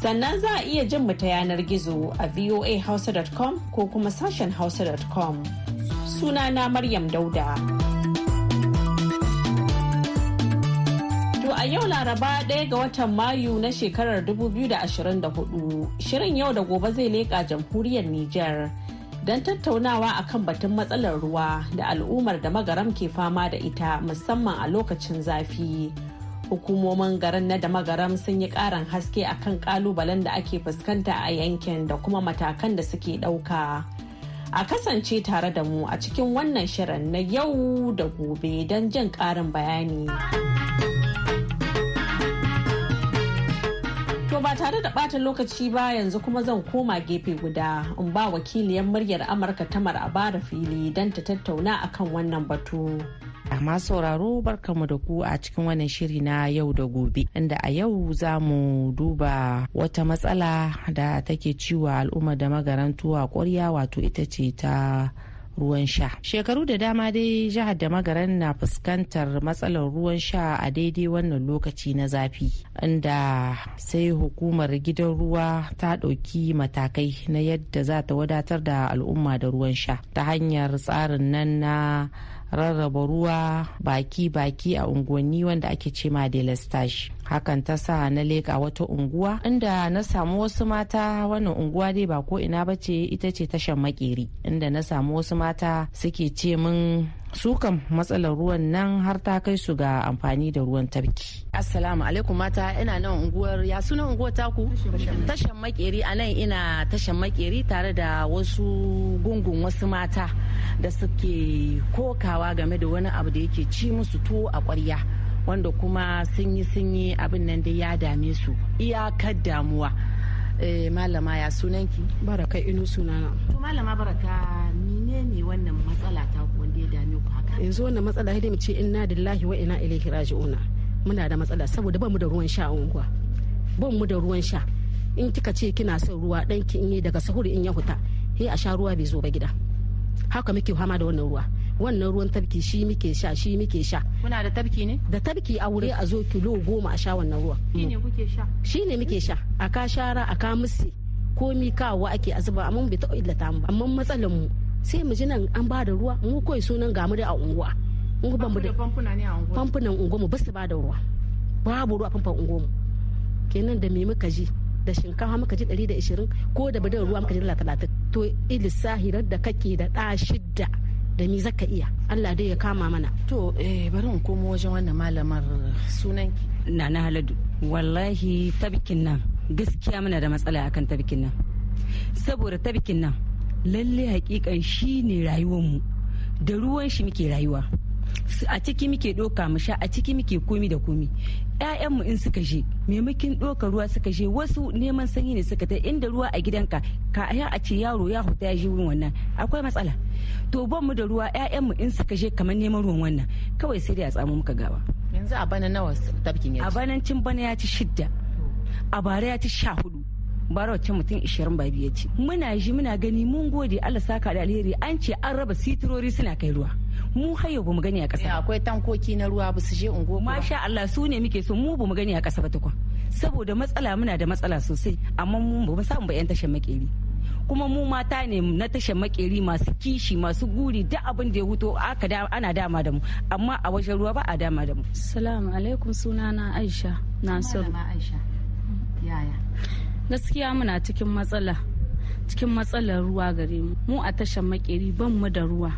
Sannan za a iya jin mu ta yanar gizo a voahausa.com ko kuma sashen hausa.com. Sunana Maryam Dauda. To a yau Laraba ɗaya ga watan Mayu na shekarar 2024, shirin yau da gobe zai leƙa jamhuriyar Nijar. don tattaunawa a kan batun matsalar ruwa da al'ummar da magaram ke fama da ita musamman a lokacin zafi hukumomin garin na dama damagaram sun yi karin haske akan kalubalen da ake fuskanta a yankin da kuma matakan da suke ɗauka. a kasance tare da mu a cikin wannan shirin na yau da gobe don jin ƙarin bayani. To ba tare da ɓata lokaci ba yanzu kuma zan koma gefe guda in ba wakiliyar muryar Amurka tamar a bara fili don ta tattauna akan wannan batu. amma sauraro barkamu da ku a cikin wannan shiri na yau da gobe inda a yau za mu duba wata matsala da take ciwa al'umma da magarantuwa ƙwarya wato ita ce ta ruwan sha. Shekaru da dama dai jihar da magaran na fuskantar matsalar ruwan sha a daidai wannan lokaci na zafi inda sai hukumar gidan ruwa ta ɗauki matakai na yadda za ta wadatar da al'umma da ruwan sha ta hanyar tsarin nan na rarraba ruwa baki-baki a unguwanni wanda ake ce ma delestash hakan ta sa na leƙa wata unguwa inda na samu wasu mata wannan unguwa dai ba ko ina bace ita ce tashan makeri inda na samu wasu mata suke ce min su kam matsalar ruwan nan har ta kai su ga amfani da ruwan tarki. Assalamu alaikum mata ina nan unguwar ya suna unguwar taku tashan makeri a nan ina tashan makeri tare da wasu gungun wasu mata da suke kokawa game da wani abu da yake ci musu to a ƙwarya wanda kuma sun yi sun yi abin nan da ya dame su iyakar damuwa. Eh, malama ya sunanki? Baraka inu sunana. Malama baraka yanzu wannan matsala hidimi ce inna lillahi wa ina ilaihi raji'una muna da matsala saboda ba mu da ruwan sha unguwa ba mu da ruwan sha in kika ce kina son ruwa dan ki in yi daga sahuri in ya huta he a sha ruwa bai zo ba gida haka muke fama da wannan ruwa wannan ruwan tabki shi muke sha shi muke sha kuna da tabki ne da tabki a wuri a zo kilo goma a sha wannan ruwa shi ne kuke sha shi ne muke sha a ka shara a ka musi komi kawo ake a zuba amma bai taɓa illata mu amma matsalar mu sai mu ji nan an ba da ruwa mu kawai sunan gamu da a unguwa in ba mu da famfunan unguwa ba su ba da ruwa babu ruwa famfan unguwa kenan da me muka ji da shinkafa muka ji 120 ko da bidan ruwa muka ji 30 to ilisahirar da kake da ɗa shidda da me zaka iya Allah dai ya kama mana to eh bari in komo wajen wannan malamar sunanki nana haladu wallahi tabkin nan gaskiya muna da matsala akan tabkin nan saboda tabkin nan lalle hakikan shi ne rayuwanmu da ruwan shi muke rayuwa a ciki muke doka mu sha a ciki muke komi da komi ƴaƴanmu in suka je maimakin doka ruwa suka je wasu neman sanyi ne suka ta inda ruwa a gidanka ka a ce yaro ya huta ya je wurin wannan akwai matsala to ban mu da ruwa ƴaƴanmu in suka je kamar neman ruwan wannan kawai sai da a tsamo muka gawa yanzu a bana nawa tafkin ya ci a banancin bana ya ci shidda a bara ya ci sha hudu bara wacce mutum ishirin ba ya ci muna ji muna gani mun gode Allah saka da alheri an ce an raba sitirori suna kai ruwa mu hayo bamu gani a ƙasa eh, akwai tankoki na ruwa ba su je ungo masha Allah su ne muke so mu bamu gani a ƙasa ba tukun saboda matsala muna da matsala sosai amma mu ba mu samu ba yan tashan makeri kuma mu mata ne na tashan makeri masu kishi masu guri duk abin da ya huto ana dama da mu amma a wajen ruwa ba a dama da mu salamu alaikum sunana aisha nasiru yaya gaskiya muna cikin matsala cikin matsalar ruwa gare mu mu a tashar makeri ban mu da ruwa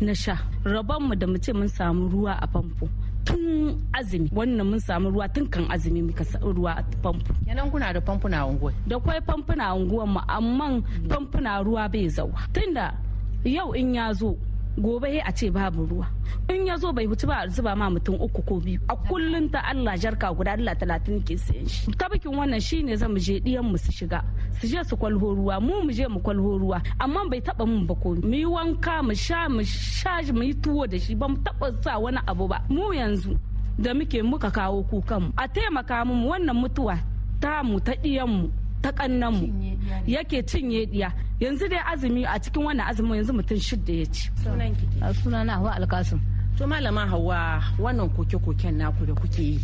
na sha raban mu da mu ce mun samu ruwa a famfo tun azumi wannan mun samu ruwa tun kan azumi muka samu ruwa a famfo yanan kuna da famfuna unguwa da kwai famfuna unguwa mu amma famfuna ruwa bai zauwa tunda yau in ya zo gobe a ce babu ruwa in ya zo bai hutu ba a zuba ma mutum uku ko biyu a kullum ta Allah jarka guda Allah talatin ke sayan shi ta wannan shine zan mu je diyan mu su shiga su je su kwalho ruwa mu mu mu kwalho ruwa amma bai taba mun ba ko mu yi wanka mu sha mu sha mu yi tuwo da shi ba mu taba sa wani abu ba mu yanzu da muke muka kawo mu a taimaka mu wannan mutuwa ta mu ta diyan mu ta mu yake cinye diya yanzu dai azumi a cikin wannan azumi yanzu mutum shidda ya ci sunana hawa alkasim to malama hawa wannan koke-koken naku da kuke yi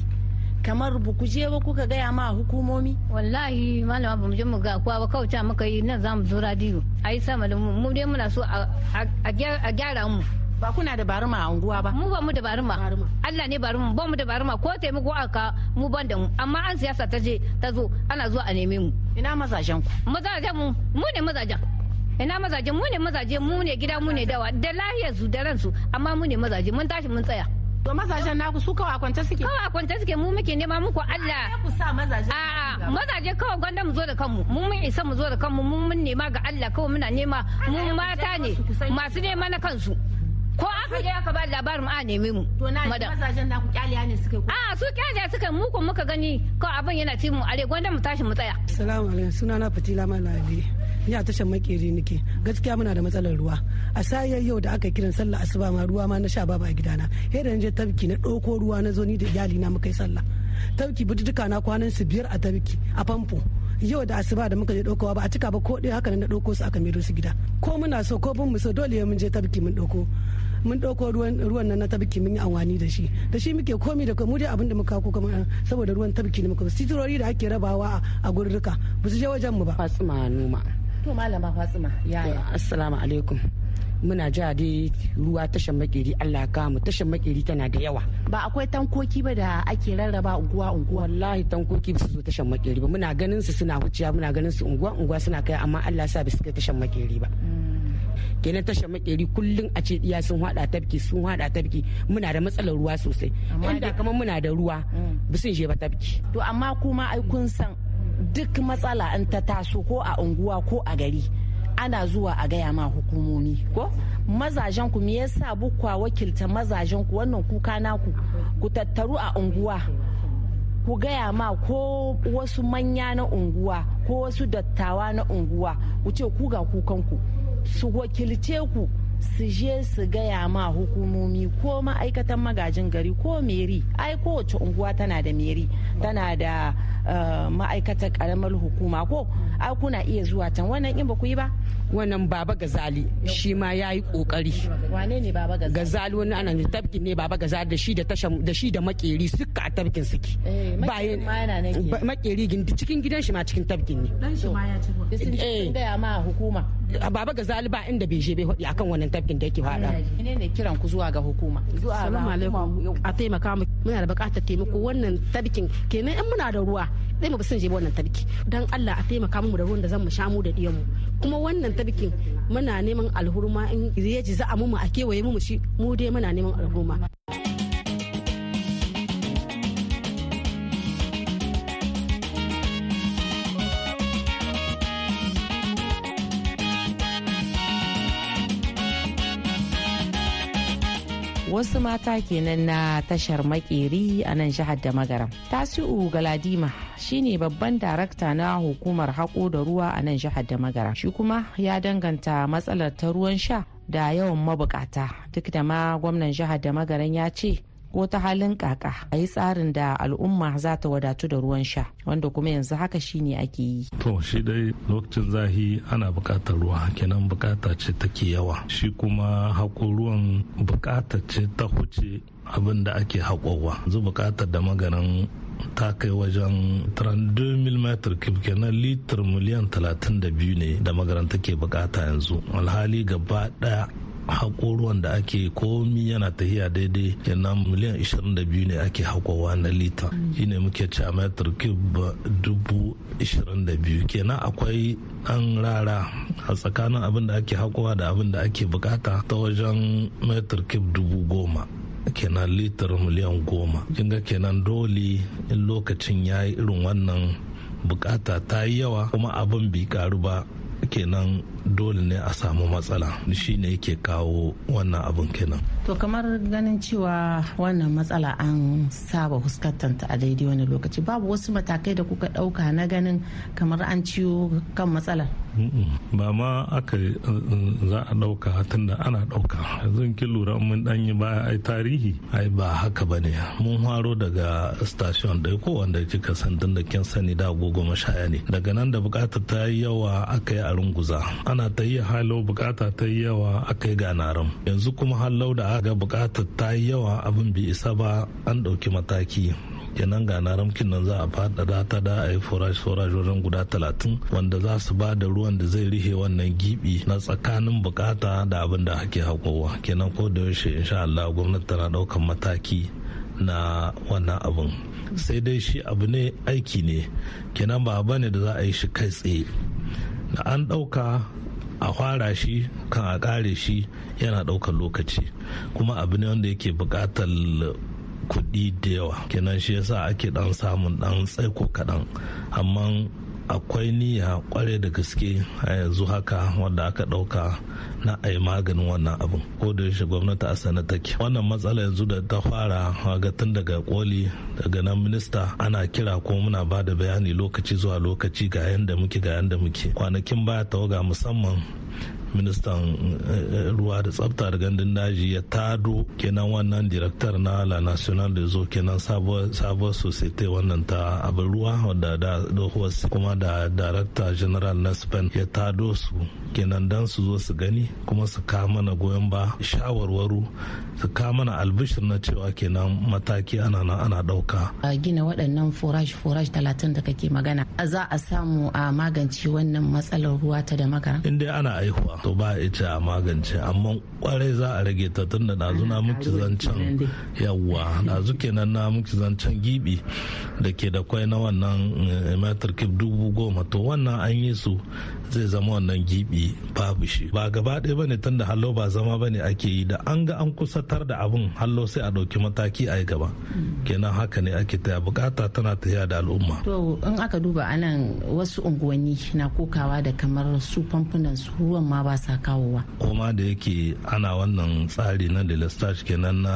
kamar ba ku je ba kuka gaya ma hukumomi wallahi malama ba mu je mu ga kuwa ba kauta muka yi nan za mu zo radiyo ayi sama da mu dai muna so a gyara mu ba kuna da baruma a unguwa ba mu ba mu da baruma Allah ne baruma ba mu da baruma ko taimako aka mu ban da mu amma an siyasa ta je ta zo ana zuwa a neme mu ina mazajen ku mazajen mu mu ne mazajen ina mazaje mu ne mazaje mu ne gida mu ne dawa da lahiyar su da ransu amma mu ne mazaje mun tashi mun tsaya to mazajen naku su kawai a kwance suke kawai a kwance suke mu muke nema muku Allah ku sa mazaje a mazaje kawai gwanda mu zo da kanmu mu mun isa mu zo da kanmu mu mun nema ga Allah kawai muna nema mu mata ne masu nema na kansu ko aka je aka ba labarin a neme mu to na mazajen na ku kyaliya ne suka ko a ah, su kyaliya suka mu ko muka gani ko abin yana ci mu are gwanda mu tashi mu tsaya assalamu alaikum sunana fatila malali ni a tashar makeri nake gaskiya muna da matsalar ruwa a sayar yau da aka kiran sallah asuba ma ruwa ma na sha baba a gidana sai da je tabki na doko ruwa na zo ni da iyali na muka yi sallah tabki bi duka na kwanan su biyar a tabki a famfo yau da asuba da muka je ɗaukowa ba a cika ba ko dai haka na doko su aka miro su gida ko muna so ko bin mu so dole mun je tabki mun doko. mun ɗauko ruwan nan na tabki mun yi amfani da shi da shi muke komi da mu dai abin da muka ko kamar saboda ruwan tabki ne muka sitirori da ake rabawa a gurruka ba su je wajen mu ba fatsuma noma to malama fatsuma yaya assalamu alaikum muna ja dai ruwa tashan makeri Allah ka mu tashan makeri tana da yawa ba akwai tankoki ba da ake rarraba unguwa unguwa wallahi tankoki su zo tashan makeri ba muna ganin su suna huciya muna ganin su unguwa unguwa suna kai amma Allah sa bisu kai tashan makeri ba mm. kenan tashar makeri kullum a ce iya sun hada tafki sun hada tafki muna da matsalar ruwa sosai inda kamar muna da ruwa mm. bisin je tafki to amma kuma ai kun san duk matsala in ta taso ko a unguwa ko a gari ana zuwa a gaya ma hukumomi ko mazajen ku me yasa bukwa wakilta mazajen ku wannan kuka naku ku tattaru a unguwa ku gaya ma ko wasu manya na unguwa ko wasu dattawa na unguwa ku ce ku ga kukanku su wakilce ku su je su gaya ma hukumomi ko ma'aikatan magajin gari ko meri ai kowace unguwa tana da meri tana da Eh, ma'aikatar karamar hukuma ko ai kuna iya zuwa can wannan in ba ku yi ba wannan baba gazali shi ma ya yi kokari wane ne baba gazali gazali wani ana ne tabkin ne baba gazali da shi da tashan da shi da makeri suka a tabkin suke eh, bayan makeri gindi cikin gidan shi ma cikin tabkin ne dan shi ma ya ci eh. sun gaya ma hukuma baba gazali ba inda bai je bai hudi akan wannan tabkin da yake fada ne ne kiran ku zuwa ga hukuma zuwa ga hukuma a taimaka mu muna da bukatar taimako wannan tabkin kenan in muna da ruwa ɗaya ba sun je wannan tabki don Allah a taimaka mu da ruwan da zan mu sha mu da diyan mu kuma wannan tabkin muna neman alhurma in ya ji za a mu a kewaye mu shi mu dai muna neman alhurma wasu mata kenan na tashar makeri a nan jihar da magaram tasiu galadima shine babban darakta na hukumar haƙo da ruwa a nan jihar da magaram shi kuma ya danganta matsalar ta ruwan sha da yawan mabukata duk da ma gwamnan jihar da magaran ya ce ko ta halin kaka a yi tsarin da al'umma za ta wadatu da ruwan sha wanda kuma yanzu haka shi ne ake yi to shi dai lokacin zahi ana bukatar ruwa kenan bukata ce take yawa shi kuma hako ruwan bukata ce ta huce abin da ake haƙowa yanzu bukatar da maganin ta kai wajen 32 mm kenan litir miliyan 32 ne da magaranta ke bukata yanzu alhali gaba daya haƙo ruwan da ake komi yana tahiya daidai yana miliyan 22 ne ake haƙowa na lita ne muke ci a metar cube 22 kenan akwai an rara a tsakanin abin da ake haƙowa da abin da ake bukata ta wajen metar cube kenan litar miliyan goma kin ga kenan dole in lokacin ya yi irin wannan bukata ta yi yawa kuma abin bai karu ba kenan dole ne a samu matsala shi ne yake kawo wannan abin kenan to kamar ganin cewa wannan matsala an saba huskantanta a daidai wani lokaci babu wasu matakai da kuka ɗauka na ganin kamar an ciwo kan matsala. ba ma aka za a ɗauka tun da ana ɗauka yanzu ki lura mun dan yi baya ai tarihi ai ba haka ba ne mun haro daga station da ko wanda kika san tun da kin sani da goma shaya ne daga nan da bukatar ta yi yawa aka yi a runguza ana ta yi halo bukata ta yi yawa a kai ganarin yanzu kuma halau da ga bukata ta yi yawa abin bai isa ba an ɗauki mataki kenan ga na nan za a faɗaɗa ta da a yi forage forage wajen guda talatin wanda za su ba da ruwan da zai rihe wannan gibi na tsakanin bukata da abin da ake haƙowa kenan ko da yaushe insha Allah gwamnati tana ɗaukan mataki na wannan abin sai dai shi abu ne aiki ne kenan ba ne da za a yi shi kai tsaye da an ɗauka a fara shi kan a kare shi yana daukar lokaci kuma abu ne wanda yake buƙatar kuɗi da yawa kenan shi yasa ake ɗan samun ɗan tsaiko kaɗan amma akwai niyya kwarai da gaske a yanzu haka wanda aka ɗauka na a yi maganin wannan abin ko da yaushe gwamnati a sana take wannan matsala yanzu da ta fara ga tun daga koli daga nan minista ana kira ko muna ba da bayani lokaci zuwa lokaci ga yanda muke ga yanda muke kwanakin baya tawaga musamman ministan eh, eh, ruwa da tsafta da gandun daji ya tado kenan wannan director na la national da zo kenan sabuwar societe wannan ta abin ruwa wadda da kuma da director general na spain ya tado su kenan dan su zo su gani kuma su kama na goyon ba shawarwaru su kama na albishir na cewa kenan mataki ana na ana dauka gina waɗannan forage forage talatin da kake magana za a samu a magance wannan matsalar ruwa ta da magana inda ana aihuwa to ba ita a magance amma kwarai za a rage ta tun da ɗazu na muki zancen yawwa ɗazu kenan na muki zancen gibi da ke da kwai na wannan eh, metric dubu goma to wannan an yi su zai zama wannan gibi babu shi ba gaba ɗaya bane tun hallo ba zama bane ake yi da an ga an kusa tar da abun hallo sai a ɗauki mataki a gaba kenan haka ne ake taya bukata tana tafiya da al'umma to in aka duba anan wasu unguwanni na kokawa da kamar su famfunan su ruwan ma ba sa kawowa kuma da yake ana wannan tsari na da lestage kenan na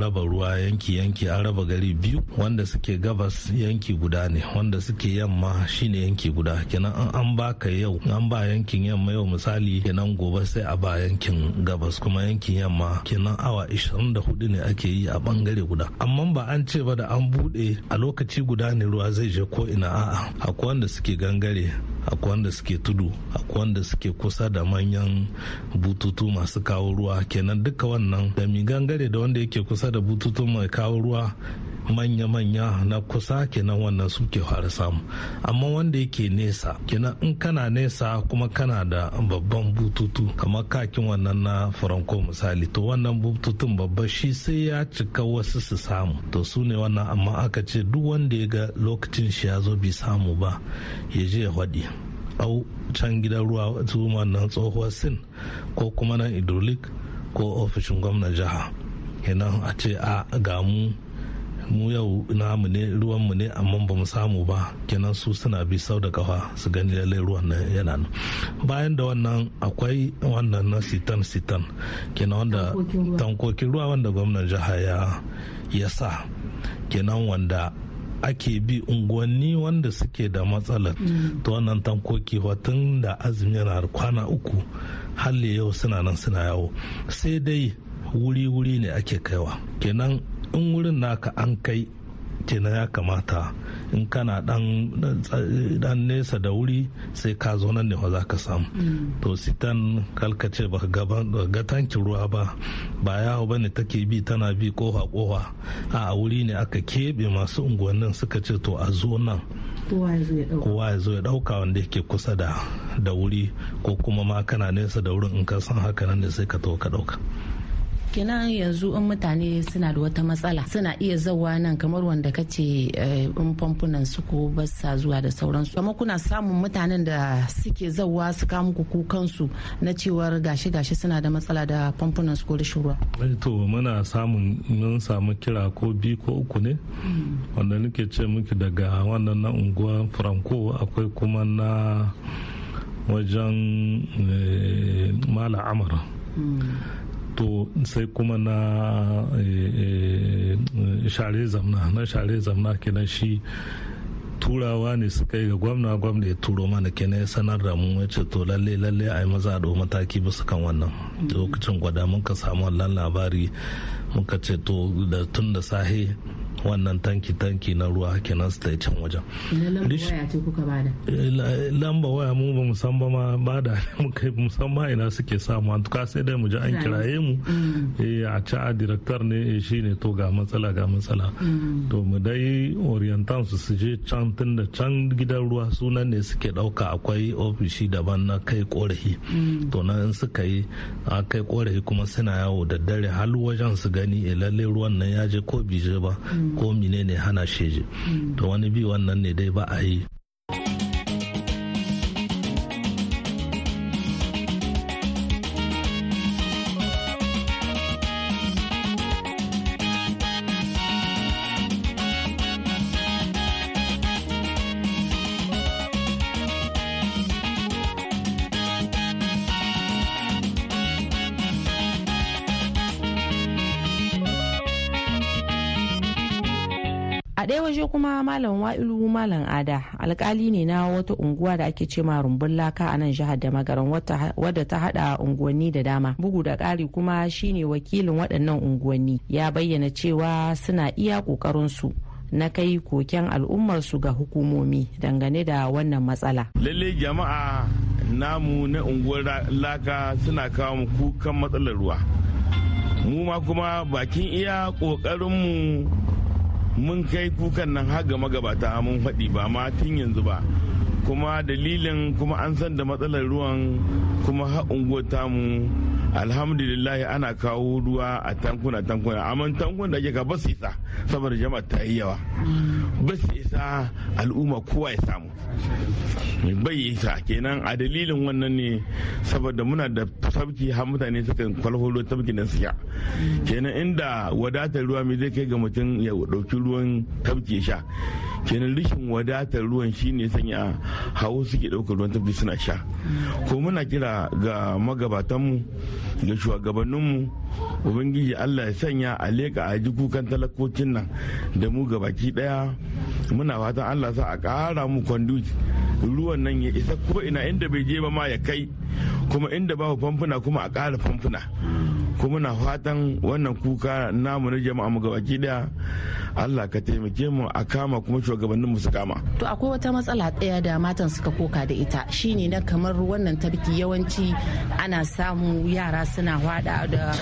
raba ruwa yanki yanki an raba gari biyu wanda suke gabas yanki guda ne wanda suke yamma shine yanki guda kenan an baka yau yau an ba yankin yamma yau misali kenan gobe sai a ba yankin gabas kuma yankin yamma kenan awa 24 ne ake yi a bangare guda amma ba an ce ba da an bude a lokaci guda ne ruwa zai je ko ina a'a akwai wanda suke gangare akwai wanda suke tudu akwai wanda suke kusa da manyan bututu masu kawo ruwa kenan duka wannan da mi gangare da wanda yake kusa da bututu mai kawo ruwa manya-manya na kusa kenan wannan suke fara samu amma wanda yake nesa kenan in kana nesa kuma kana da babban bututu kamar kakin wannan na faranko misali to wannan bututun babba shi sai ya cika wasu su samu to su ne wannan amma aka ce duk wanda ya ga lokacin shi ya zo bi samu ba ya je ya faɗi au can gidan ruwa zuma wannan tsohuwar sin ko kuma nan idrolik ko ofishin gwamnan jiha kenan a ce a gamu mu yau namu ne ruwan mu ne amma ba mu samu ba kenan su suna bi sau da kafa su gani lalle ruwan nan yana nan bayan da wannan akwai wannan na sitan sitan kenan wanda tankokin ruwa wanda gwamnan jiha ya sa kenan wanda ake bi unguwanni wanda suke da matsalar mm. ta wannan tankoki watan da azumi yana kwana uku halli yau suna nan suna yawo sai dai wuri-wuri ne ake kaiwa kenan in wurin naka an kai kenan ya kamata in kana dan nesa da wuri sai ka zo nan ne za ka samu mm. to sitan kalkace ba ga tankin ruwa ba ba yawo ba ne take bi tana bi kofa kofa a wuri ne aka keɓe masu unguwannin suka ce to a zo nan kowa ya zo ya ɗauka wanda yake kusa da wuri ko kuma ma kana nesa da wurin in ka san haka nan ne sai ka to ka ɗauka kenan yanzu in mutane suna da wata matsala suna iya zawa nan kamar wanda ka ce eh, in famfunan su ko ba zuwa da sauransu amma kuna samun mutanen da suke zawa su kawo kuku kansu na cewar gashi gashi suna da matsala da famfunan su ko da shura eh, to muna samun mun samu kira ko bi ko uku ne hmm. wanda nake ce miki daga wannan na unguwa franco akwai kuma na wajen eh, mala amara hmm. to sai kuma na e, e, e, share zamna na share zamna kenan shi turawa ne suka yi ga gwamna gwamna ya turo mana kenan ya sanar da mu ya ce to lalle lalle a yi maza da mataki bisa kan wannan lokacin gwada muka samu wannan labari muka ce to da tun da sahe wannan tanki tanki na ruwa kenan su ta can wajen eh, lamba waya mu ba san ba ma ba da muka musan ma ina suke samu an tuka sai dai mu ji an kiraye mu mm. eh, a ci a director ne eh, shi ne to ga matsala ga matsala mm. to mu dai orientan su su je can tun da can gidan ruwa sunan ne suke dauka akwai ofishi daban na kai korafi mm. to na in suka yi a kai korafi kuma suna yawo da dare hal wajen su gani lalle ruwan nan ya je ko bije ba ko menene hana shi hmm. to wani bi wannan ne dai ba a yi kuma malam wa'ilu malam ada alkali ne na wata unguwa da ake ce rumbun laka a nan jihar da magaran wadda ta hada unguwanni da dama bugu da kari kuma shine wakilin waɗannan unguwanni ya bayyana cewa suna iya ƙoƙarinsu na kai koken al'ummarsu ga hukumomi dangane da wannan matsala. Lalle jama'a namu na unguwar laka suna kawo mu kukan matsalar ruwa. Mu ma kuma bakin iya ƙoƙarinmu mun kai kukan nan har ga magabata mun faɗi ba ma tun yanzu ba kuma dalilin kuma an san da matsalar ruwan kuma tamu alhamdulillah ana kawo ruwa a tankuna tankuna amma tankuna da ake ka basu isa saboda jama'a ta yi yawa basu isa al'umma kowa ya samu bai isa kenan a dalilin wannan ne saboda muna da sabki har mutane suka kwalholo sabki na siya kenan inda wadatar ruwa mai zai kai ga mutum ya dauki ruwan sabki sha kenan rishin wadatar ruwan shine sanya hawo suke daukar ruwan sabki suna sha ko muna kira ga magabatanmu ga shugabanninmu ubangiji allah ya sanya a leka a ji kukan talakocin nan da mu ga baki daya muna fatan allah sa a kara mu kwandu ruwan nan ya isa ko ina inda bai je ba ma ya kai kuma inda babu famfuna kuma a ƙara famfuna kuma na fatan wannan kuka namu na jama'a mu gabaki daya Allah ka taimake mu a kama kuma shugabannin mu su kama to akwai wata matsala tsaya da matan suka koka da ita shine na kamar wannan tarki yawanci ana samu yara suna hwada da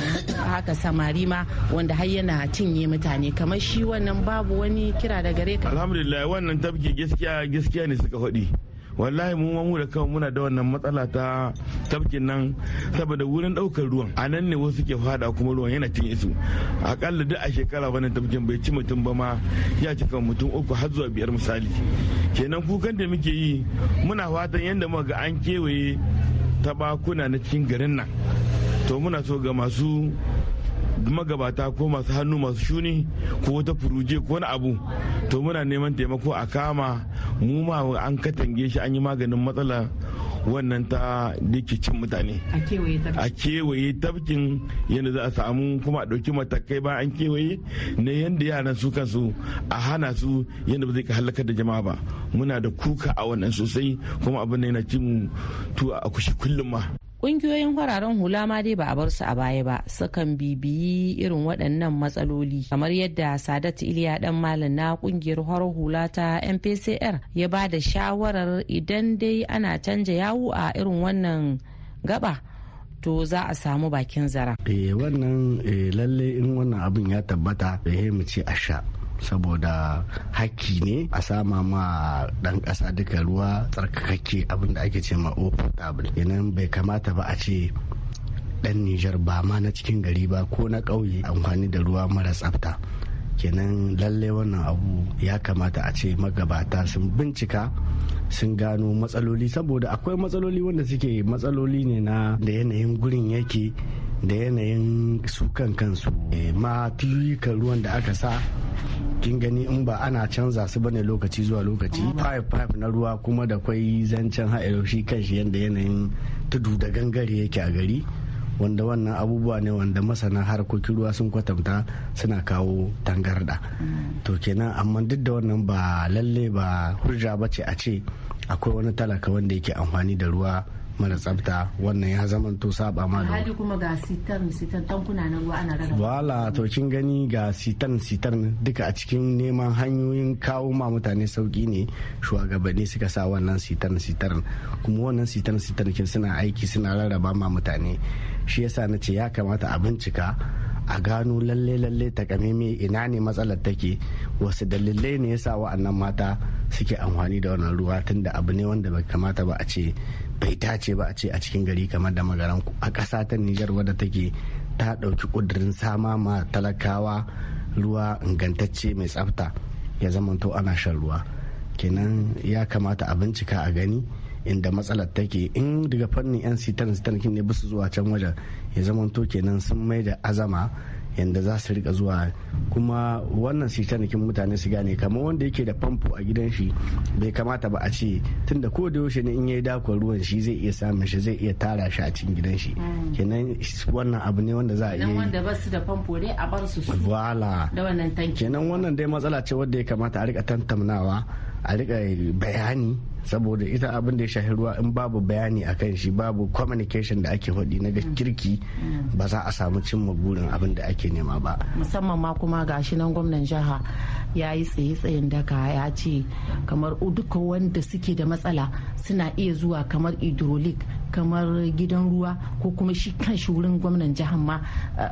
haka samari ma wanda har yana cinye mutane kamar shi wannan babu wani kira da gare ka alhamdulillah wannan tafki gaskiya gaskiya ne suka faɗi wallahi mu mu da kawai muna da wannan matsala ta tafkin nan saboda wurin daukar ruwan a nan ne wasu ke fada kuma ruwan yana cin isu akalla duk a shekara wannan tafkin bai ci mutum ba ma ya kan mutum uku har zuwa biyar misali kenan kukan da muke yi muna fatan yadda muka ga an kewaye tabakuna na cikin garin nan to muna so ga masu magabata ko masu hannu masu shuni ko wata furuje ko wani abu to muna neman taimako a kama mu ma an katange shi an yi maganin matsala wannan ta da cin mutane a kewaye tafkin yadda za a samu kuma a ɗauki matakai ba an kewaye na yadda yaran su kansu a hana su yadda ba zai ka halakar da jama'a ba muna da kuka a wannan sosai kuma abin da yana cin tuwa a kushe kullum ma kungiyoyin fararen hula ma dai ba a bar su a baya ba sukan bibiyi irin waɗannan matsaloli kamar yadda Sadat Iliya dan malam na kungiyar farar hula ta MPCR ya ba da shawarar idan dai ana canja yawu a irin wannan gaba to za a samu bakin zara. Eh wannan eh, lalle in wannan abin ya tabbata da eh, mu ce a sha saboda hakki ne a sama ma dan kasa duka ruwa tsarkakakke abin da ake ce ma potable kenan bai kamata ba a ce dan Nijar ba ma na cikin gari ba ko na ƙauye amfani da ruwa mara tsafta kenan lalle wannan abu ya kamata a ce magabata sun bincika sun gano matsaloli saboda akwai matsaloli wanda suke matsaloli ne na da yanayin gurin yake da yanayin su kansu eh, ma tuyukan ruwan da aka sa kin gani in ba ana canza su bane lokaci zuwa lokaci mm-hmm. pipe pipe na ruwa kuma da kwai zancen haɗa shi kanshi yadda yanayin tudu da gangare yake a gari wanda wannan abubuwa ne wanda masana harkokin ruwa sun kwatanta suna kawo tangarda mm-hmm. to kenan amma duk da wannan ba lalle ba hujja ba ce a ce akwai wani talaka wanda yake amfani da ruwa mara tsafta wannan ya zama to saba ma da hali kuma ga sitan sitan tankuna na ruwa ana rarraba. wala to kin gani ga sitan sitan duka a cikin neman hanyoyin kawo ma mutane sauki ne shugabanni suka sa wannan sitan sitan kuma wannan sitan sitan kin suna aiki suna rarraba ma mutane shi yasa na ce ya kamata a bincika a gano lalle lalle takameme ina ne matsalar take wasu dalilai ne yasa wa'annan mata suke amfani da wannan ruwa tunda abu ne wanda bai kamata ba a ce bai dace ba a ce a cikin gari kamar da magaran a ƙasa ta nijar wadda take ta ɗauki ƙudurin sama ma talakawa ruwa ingantacce mai tsafta ya zamanto ana shan ruwa kenan ya kamata a bincika a gani inda matsalar take in daga fannin yan sitan sitan ne basu zuwa can wajen ya zamanto kenan sun mai da azama yadda za su rika zuwa kuma wannan su tanakin mutane su gane kamar wanda yake da famfo a gidan shi bai kamata ba a ce da ko da yaushe ne in yi dakon ruwan shi zai iya samun shi zai iya tara shi a cikin gidan shi mm. kenan wannan abu ne wanda za a iya wanda ba su da famfo ne a bar su su da wannan tanki kenan wannan dai matsala ce wanda ya kamata a rika tantamnawa a rika bayani saboda ita abin da ya shahi ruwa in babu bayani a kan shi babu communication da ake faɗi na kirki ba za a samu cimma burin abin da ake nema ba musamman ma kuma ga shi nan gwamnan jiha ya yi tsaye tsayin daka ya ce kamar duka wanda suke da matsala suna iya zuwa kamar hydraulic kamar gidan ruwa ko kuma shi kan shi wurin gwamnan jihar ma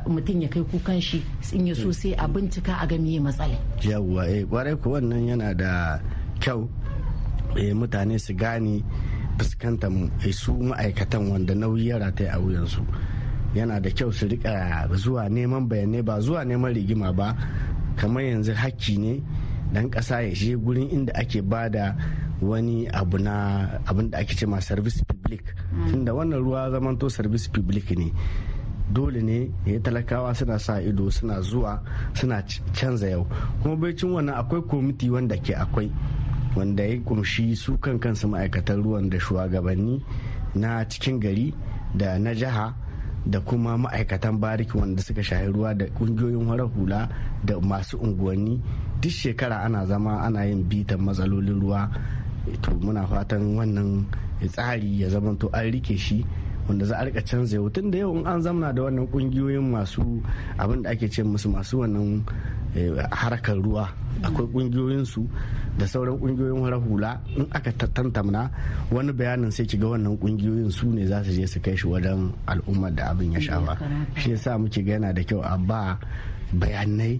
mutum ya kai kukan shi in ya sosai sai a bincika a ga matsala yawwa eh kwarai ku wannan yana da kyau eh, mutane su gane fuskantar eh, su ma'aikatan wanda nauyi ya rataya a wuyansu yana da kyau su rika zuwa neman bayanai ba zuwa neman rigima ba kamar yanzu hakki ne dan kasa ya je gurin inda ake bada wani abu na abin da ake ce ma service public mm. tunda wannan ruwa zamanto service public ne dole ne ya talakawa suna sa ido suna zuwa suna canza yau kuma baicin wannan akwai komiti wanda ke akwai wanda ya kunshi su kan kansu ma'aikatan ruwan da shugabanni na cikin gari da na jiha da kuma ma'aikatan bariki wanda suka shahi ruwa da kungiyoyin horar hula da masu unguwanni duk shekara ana zama ana yin bitan matsalolin ruwa to muna fatan wannan tsari ya zamanto an rike shi wanda za a rika canza yau tun da yau in an zamana da wannan kungiyoyin masu abin da ake ce musu masu wannan Eh, harkar ruwa akwai kungiyoyinsu da sauran kungiyoyin wara hula in aka tantamna wani bayanin sai kiga wannan kungiyoyin su ne za su je su kai shi wajen al'ummar da abin ya shafa shi yasa muke ga yana da kyau a ba bayanai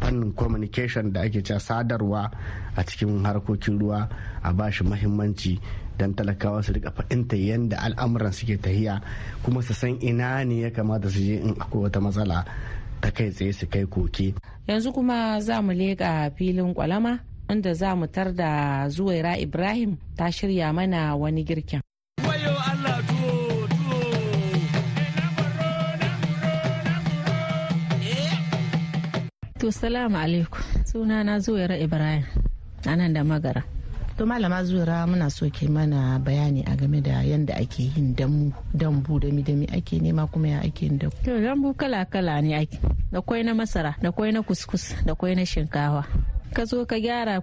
fannin communication da ake cewa sadarwa a cikin harkokin ruwa a ba shi mahimmanci don talakawa su rika fahimta yadda al'amuran suke tahiya kuma su san ina ne ya kamata su je in akwai wata matsala ta kai tsaye su kai koke yanzu kuma za mu leƙa filin kwalama inda za mu tar da zuwaira ibrahim ta shirya mana wani girkin to salamu alaikum suna na zuwaira ibrahim anan da magara to malama zura muna so ke mana bayani a game da yadda ake yin damu dambu dami dami ake nema kuma ya ake yin dambu to dambu kala kala ne ake da kwai na masara da kwai na kuskus da kwai na shinkawa ka zo ka gyara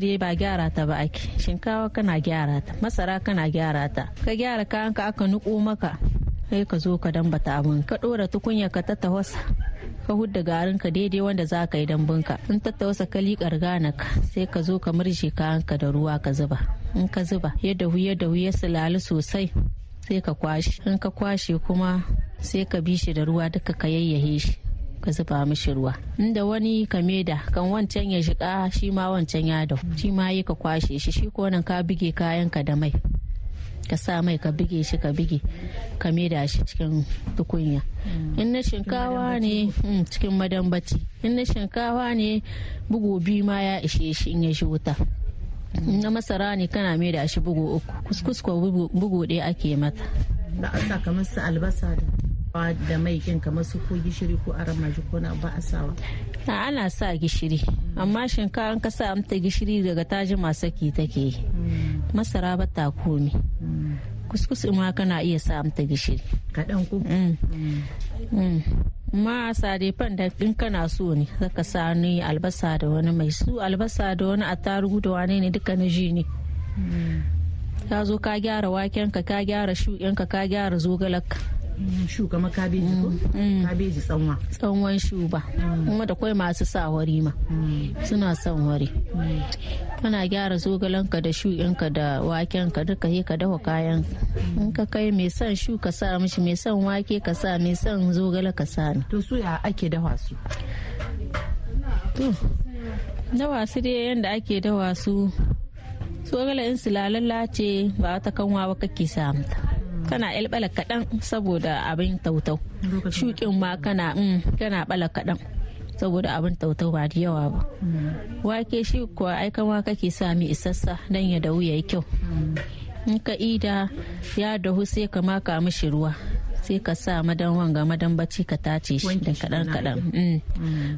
ne ba gyara ta ba ake shinkawa kana gyara ta masara kana gyara ta ka gyara ka aka nuko maka sai ka zo ka dambata abin ka dora tukunya ka ta tawasa ka hudda garin ka daidai wanda za ka yi dambun ka in ta tausa ka liƙar ganaka sai ka zo ka murje kayanka da ruwa ka zuba in ka zuba yadda huye da huye sulali sosai sai ka kwashe in ka kwashe kuma sai ka bi shi da ruwa duka ka yayyahe shi ka zuba mishi ruwa inda wani ka meda kan wancan ya shiga shi ma wancan ya dau. shi ma yi ka kwashe shi shi ko nan ka buge kayanka da mai ka sa mai ka bige shi ka bige ka da shi cikin tukunya mm. in na shinkawa ne mm, cikin madambaci in na shinkawa ne bugu biyu ma ya ishe shi in ya shi wuta mm. na masara ne kana da shi bugu uku kuskus bugu ɗaya ake mata a albasa da mai kin kamar su ko gishiri ko ko na ba a sawa ana sa gishiri amma shinkafa ka sa amta gishiri daga taji masaki take hmm. masara ba ta komi hmm. kuskus ma kana iya sa amta gishiri kaɗan ku hmm. ma sadefan da in kana so ne zaka sa ni albasa da wani mai su albasa da wani attarugu da wane ne duka na ji ka zo ka gyara wakenka ka gyara shuɗinka ka gyara zogalarka shuka ma kabeji ko mm. Mm. kabeji tsanwa tsanwan shuba mm. kuma da kwai masu sa wari ma suna son wari kana gyara zogalanka da shuɗinka da wakenka duka ka dawa kayan in ka kai mai son shu ka sa mishi mai son wake ka sa mai son zogale ka sa ni. to su ya ake dawa su dawa su dai yadda ake dawa su zogale in su lalala ce ba ta kanwa ba kake samu ta kana bala kaɗan saboda abin tautau shukin ma kana mm, kana bala kaɗan saboda abin tautau ba da yawa ba mm. wake shi kuwa aikan kake sami isassa dan ya dahu yayi kyau mm. in ka ida ya dahu sai ka maka mishi ruwa sai ka sa madan wanga madan bacci ka tace shi da kaɗan kaɗan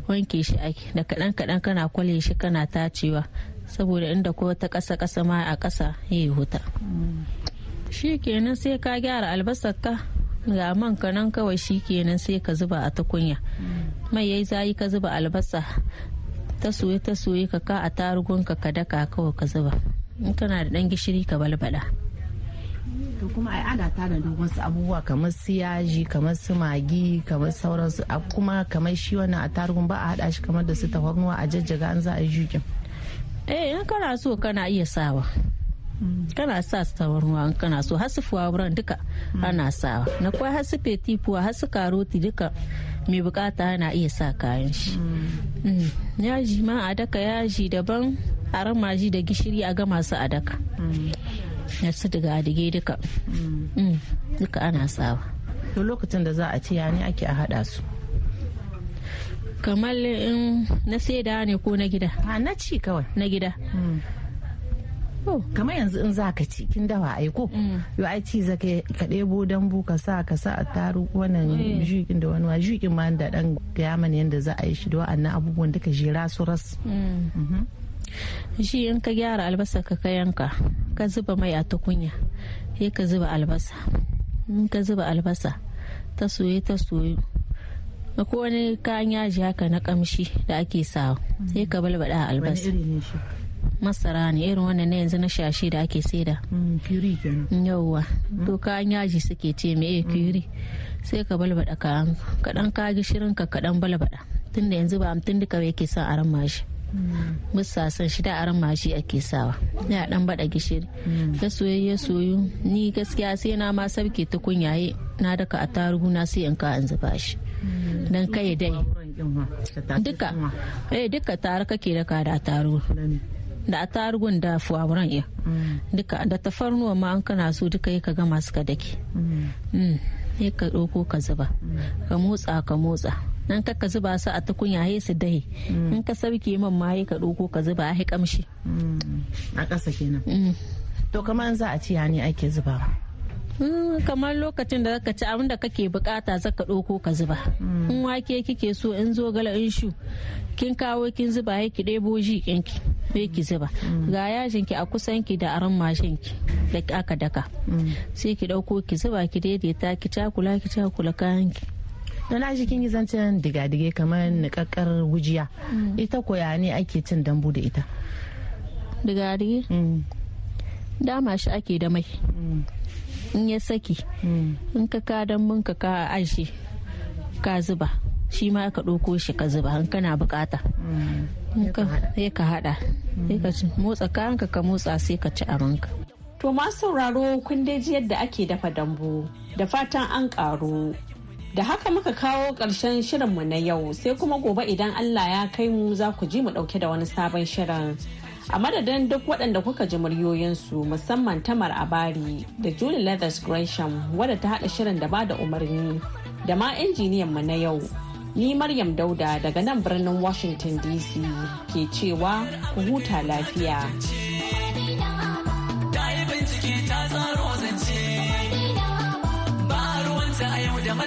wanke shi ake da kadan kadan kana kwale shi kana tacewa saboda inda ko ta kasa kasa ma a kasa yi huta shi kenan sai ka gyara albasar ka ga man ka nan kawai shi kenan sai ka zuba a tukunya mai yayi zayi ka zuba albasa ta soye ta soye ka ka a tarugun ka ka daka kawai ka zuba in kana da dan gishiri ka balbada to kuma ai ana tana da su abubuwa kamar su yaji kamar su magi kamar sauransu kuma kamar shi wannan a tarugun ba a hada shi kamar da su tafarnuwa a jajjaga an za a yi jukin eh in kana so kana iya sawa kana sa su in kana so har wuran duka ana sawa na kwa har feti karoti duka mai bukata ana iya sa kayan shi mm. yaji ma a daka yaji daban a ramaji da gishiri a gama su a daka na mm. su daga adige duka mm. duka ana sawa to lokacin da za a ci ya ne ake a hada su kamar in na saida ne ko na gida na ci kawai na gida to kamar yanzu in zaka ci kin dawa ai ko yo mm. ai ci zaka ka ɗebo dambu ka sa ka sa a taru wannan eh. jukin da wani wa jukin ma da dan gaya mana yanda za a yi shi da wa'annan abubuwan da ka jira su ras mm. mhm. shi in ka gyara albasa ka ka yanka ka zuba mai a tukunya sai ka zuba albasa in ka zuba albasa ta soye ta soyu ko wani kayan yaji haka na kamshi da ake sawa mhm. sai ka balbada albasa masara ne irin wannan na yanzu na shashi da ake saida kiri mm, kenan yawwa mm. to kayan yaji suke ce me eh kiri mm. sai ka balbada ka kadan ka gishirin ka kadan balbada tunda yanzu ba amtin duka yake son aran mashi musasan shida aran mashi ake sawa ya dan bada gishiri ta soyayya soyu ni gaskiya sai na ma sabke tukunyaye na daka attarugu na sai in ka an zuba shi dan kai dai duka eh duka tare kake daka da attarugu da attarugun da fuwaburan iya mm. duka da tafarnuwa ma an kana so duka yi ka gama su ka dake ya mm. mm. ka ɗauko ka zuba ka motsa ka motsa nan ka zuba su a tukunya ya su dahe in ka sauke man ma ya ka ɗauko ka zuba a kamshi a ƙasa kenan to kamar za a ci ne ake zubawa Hmm, kamar lokacin da zaka ci abin da kake bukata zaka ɗauko ka zuba hmm. in wake kike so in zo gala in shu kin kawo kin zuba ya ki ɗebo ji kinki sai ki zuba hmm. ga yajin ki a kusan ki da aran mashin ki da aka daka sai ki ɗauko ki zuba ki daidaita ki cakula ki cakula kayan ki don aji kin yi zancen diga-dige kamar nikakkar wujiya ita koya ne ake cin dambu da ita diga-dige dama shi ake da mai in ya saki in ka ka don mun ka ka aji ka zuba shi ma ka ɗauko shi ka zuba in kana bukata ya mm. ka hada sai ka mm. motsa kayan ka ka motsa sai ka ci abinka to masu sauraro kun dai ji yadda ake dafa dambu da fatan an karu da haka muka kawo ƙarshen mu na yau sai kuma gobe idan allah ya kai mu za ku ji mu ɗauke da wani sabon shirin a madadin duk waɗanda kuka ji muryoyinsu musamman tamar abari da julie leathers gresham wadda ta haɗa shirin da ba da umarni da ma injiniyan mu na yau ni maryam dauda daga nan birnin washington dc ke cewa ku huta lafiya.